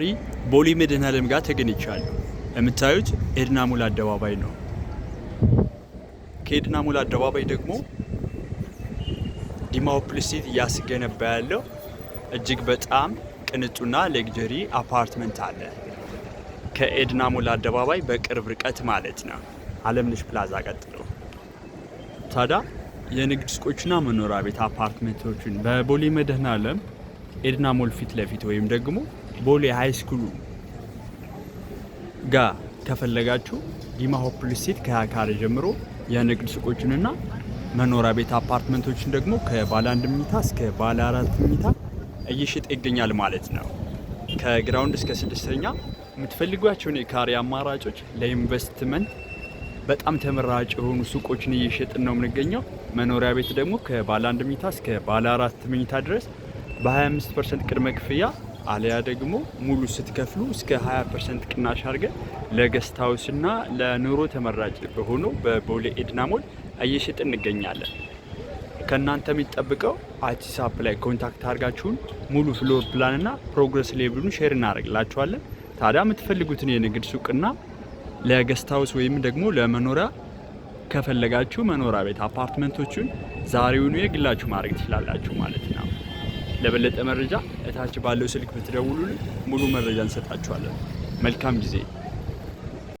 ሪ ቦሌ መድኃኔዓለም ጋር ተገኝቻለሁ። የምታዩት ኤድና ሞል አደባባይ ነው። ከኤድና ሞል አደባባይ ደግሞ ዲማ ፕሊሲት እያስገነባ ያለው እጅግ በጣም ቅንጡና ሌግጀሪ አፓርትመንት አለ። ከኤድና ሞል አደባባይ በቅርብ ርቀት ማለት ነው። አለምነሽ ፕላዛ ቀጥሎ ታዲያ የንግድ ሱቆችና መኖሪያ ቤት አፓርትመንቶችን በቦሌ መድኃኔዓለም ኤድና ሞል ፊት ለፊት ወይም ደግሞ ቦሌ ሀይ ስኩል ጋር ከፈለጋችሁ ዲማ ሆፕል ከካሬ ጀምሮ የንግድ ሱቆችንና መኖሪያ ቤት አፓርትመንቶችን ደግሞ ከባለ አንድ ምኝታ እስከ ባለ አራት ምኝታ እየሸጠ ይገኛል ማለት ነው። ከግራውንድ እስከ ስድስተኛ የምትፈልጓቸውን የካሬ አማራጮች ለኢንቨስትመንት በጣም ተመራጭ የሆኑ ሱቆችን እየሸጥን ነው የምንገኘው። መኖሪያ ቤት ደግሞ ከባለ አንድ ምኝታ እስከ ባለ አራት ምኝታ ድረስ በ25 ፐርሰንት ቅድመ ክፍያ አሊያ ደግሞ ሙሉ ስትከፍሉ እስከ 20 ቅናሽ አድርገን ለገስት ለኑሮ ተመራጭ በሆነው በቦሌ ኤድና ሞል እየሸጥ እንገኛለን። ከእናንተ የሚጠብቀው አቲሳፕ ላይ ኮንታክት አድርጋችሁን ሙሉ ፍሎር እና ፕሮግረስ ሌብሉን ሼር እናደርግላችኋለን። ታዲያ የምትፈልጉትን የንግድ ሱቅና ለገስት ሀውስ ወይም ደግሞ ለመኖሪያ ከፈለጋችሁ መኖሪያ ቤት አፓርትመንቶቹን ዛሬውኑ የግላችሁ ማድረግ ትችላላችሁ ማለት ነው። ለበለጠ መረጃ እታች ባለው ስልክ ብትደውሉልን ሙሉ መረጃ እንሰጣችኋለን። መልካም ጊዜ